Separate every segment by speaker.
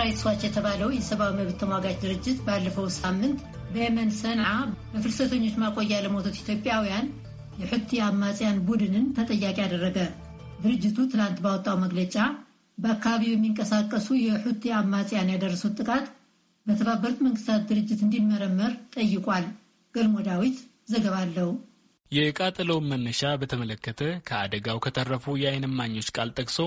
Speaker 1: ራይትስ ዋች የተባለው የሰብአዊ መብት ተሟጋች ድርጅት ባለፈው ሳምንት በየመን ሰንዓ በፍልሰተኞች ማቆያ ለሞቱት ኢትዮጵያውያን የሑቲ አማጽያን ቡድንን ተጠያቂ አደረገ። ድርጅቱ ትናንት ባወጣው መግለጫ በአካባቢው የሚንቀሳቀሱ የሑቲ አማጽያን ያደረሱት ጥቃት በተባበሩት መንግስታት ድርጅት እንዲመረመር ጠይቋል። ገልሞ ዳዊት ዘገባ አለው።
Speaker 2: የቃጠሎውን መነሻ በተመለከተ ከአደጋው ከተረፉ የዓይን እማኞች ቃል ጠቅሶ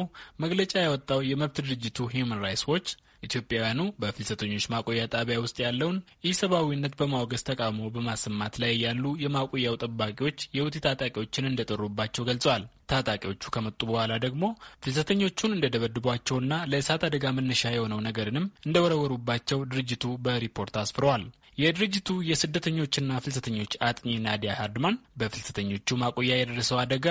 Speaker 2: መግለጫ ያወጣው የመብት ድርጅቱ ሂውማን ራይትስ ዎች ኢትዮጵያውያኑ በፍልሰተኞች ማቆያ ጣቢያ ውስጥ ያለውን ኢሰብአዊነት በማውገዝ ተቃውሞ በማሰማት ላይ ያሉ የማቆያው ጠባቂዎች የውቲ ታጣቂዎችን እንደጠሩባቸው ገልጸዋል። ታጣቂዎቹ ከመጡ በኋላ ደግሞ ፍልሰተኞቹን እንደደበድቧቸውና ለእሳት አደጋ መነሻ የሆነው ነገርንም እንደወረወሩባቸው ድርጅቱ በሪፖርት አስፍረዋል። የድርጅቱ የስደተኞችና ፍልሰተኞች አጥኚ ናዲያ ሃርድማን በፍልሰተኞቹ ማቆያ የደረሰው አደጋ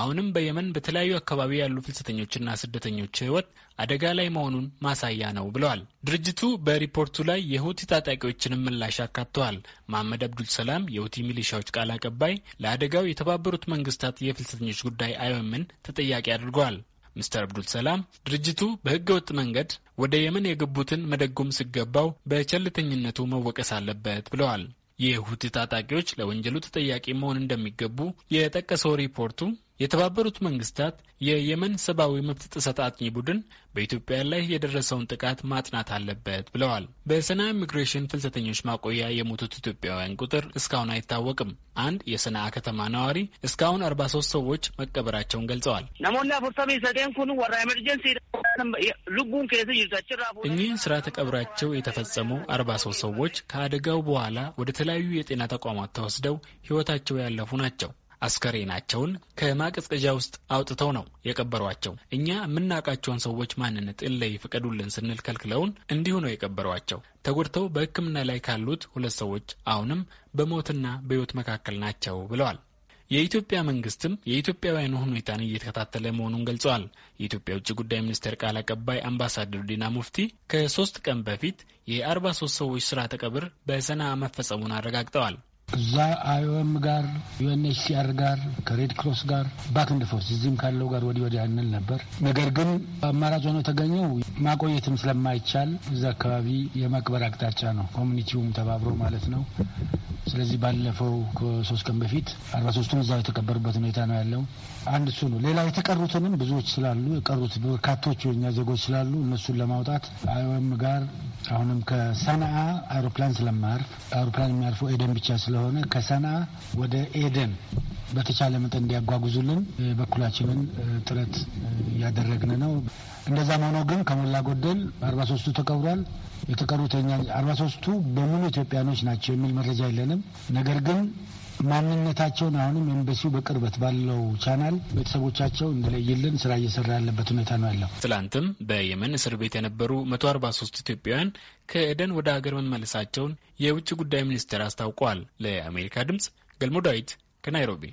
Speaker 2: አሁንም በየመን በተለያዩ አካባቢ ያሉ ፍልሰተኞችና ስደተኞች ሕይወት አደጋ ላይ መሆኑን ማሳያ ነው ብለዋል። ድርጅቱ በሪፖርቱ ላይ የሁቲ ታጣቂዎችንም ምላሽ አካተዋል። መሐመድ አብዱልሰላም ሰላም የሁቲ ሚሊሻዎች ቃል አቀባይ ለአደጋው የተባበሩት መንግስታት የፍልሰተኞች ጉዳይ አይወምን ተጠያቂ አድርገዋል። ሚስተር አብዱል ሰላም ድርጅቱ በህገወጥ መንገድ ወደ የመን የገቡትን መደጎም ሲገባው በቸልተኝነቱ መወቀስ አለበት ብለዋል። የሁቲ ታጣቂዎች ለወንጀሉ ተጠያቂ መሆን እንደሚገቡ የጠቀሰው ሪፖርቱ የተባበሩት መንግስታት የየመን ሰብአዊ መብት ጥሰት አጥኚ ቡድን በኢትዮጵያ ላይ የደረሰውን ጥቃት ማጥናት አለበት ብለዋል። በሰና ኢሚግሬሽን ፍልሰተኞች ማቆያ የሞቱት ኢትዮጵያውያን ቁጥር እስካሁን አይታወቅም። አንድ የሰና ከተማ ነዋሪ እስካሁን አርባ ሶስት ሰዎች መቀበራቸውን ገልጸዋል። እኚህ ስራ ተቀብራቸው የተፈጸሙ አርባ ሶስት ሰዎች ከአደጋው በኋላ ወደ ተለያዩ የጤና ተቋማት ተወስደው ህይወታቸው ያለፉ ናቸው። አስከሬናቸውን ከማቀዝቀዣ ውስጥ አውጥተው ነው የቀበሯቸው። እኛ የምናውቃቸውን ሰዎች ማንነት እለይ ፍቀዱልን ስንል ከልክለውን እንዲሁ ነው የቀበሯቸው። ተጎድተው በሕክምና ላይ ካሉት ሁለት ሰዎች አሁንም በሞትና በሕይወት መካከል ናቸው ብለዋል። የኢትዮጵያ መንግስትም የኢትዮጵያውያኑ ሁኔታን እየተከታተለ መሆኑን ገልጸዋል። የኢትዮጵያ ውጭ ጉዳይ ሚኒስቴር ቃል አቀባይ አምባሳደር ዲና ሙፍቲ ከሶስት ቀን በፊት የአርባ ሶስት ሰዎች ስርዓተ ቀብር በሰና መፈጸሙን አረጋግጠዋል።
Speaker 3: እዛ አይኦኤም ጋር ዩኤንኤችሲአር ጋር ከሬድ ክሮስ ጋር ባክንድ ፎርስ እዚህም ካለው ጋር ወዲህ ወዲህ አንል ነበር። ነገር ግን አማራጭ ሆኖ የተገኘው ማቆየትም ስለማይቻል እዚ አካባቢ የመቅበር አቅጣጫ ነው፣ ኮሚኒቲውም ተባብሮ ማለት ነው። ስለዚህ ባለፈው ከሶስት ቀን በፊት አርባ ሶስቱን እዛው የተቀበሩበት ሁኔታ ነው ያለው። አንድ እሱ ነው። ሌላ የተቀሩትንም ብዙዎች ስላሉ የቀሩት በርካቶች የኛ ዜጎች ስላሉ እነሱን ለማውጣት አይኦኤም ጋር አሁንም ከሰንአ አውሮፕላን ስለማያርፍ አሮፕላን የሚያርፈው ኤደን ብቻ ስለ ስለሆነ ከሰና ወደ ኤደን በተቻለ መጠን እንዲያጓጉዙልን በኩላችንን ጥረት እያደረግን ነው። እንደዛም ሆኖ ግን ከሞላ ጎደል አርባ ሶስቱ ተቀብሯል። የተቀሩት አርባ ሶስቱ በሙሉ ኢትዮጵያኖች ናቸው የሚል መረጃ የለንም። ነገር ግን ማንነታቸውን አሁንም ኤምበሲው በቅርበት ባለው ቻናል ቤተሰቦቻቸው እንደለይልን ስራ እየሰራ ያለበት ሁኔታ ነው ያለው።
Speaker 2: ትላንትም በየመን እስር ቤት የነበሩ 143 ኢትዮጵያውያን ከኤደን ወደ ሀገር መመለሳቸውን የውጭ ጉዳይ ሚኒስቴር አስታውቋል። ለአሜሪካ ድምጽ ገልሞ ዳዊት ከናይሮቢ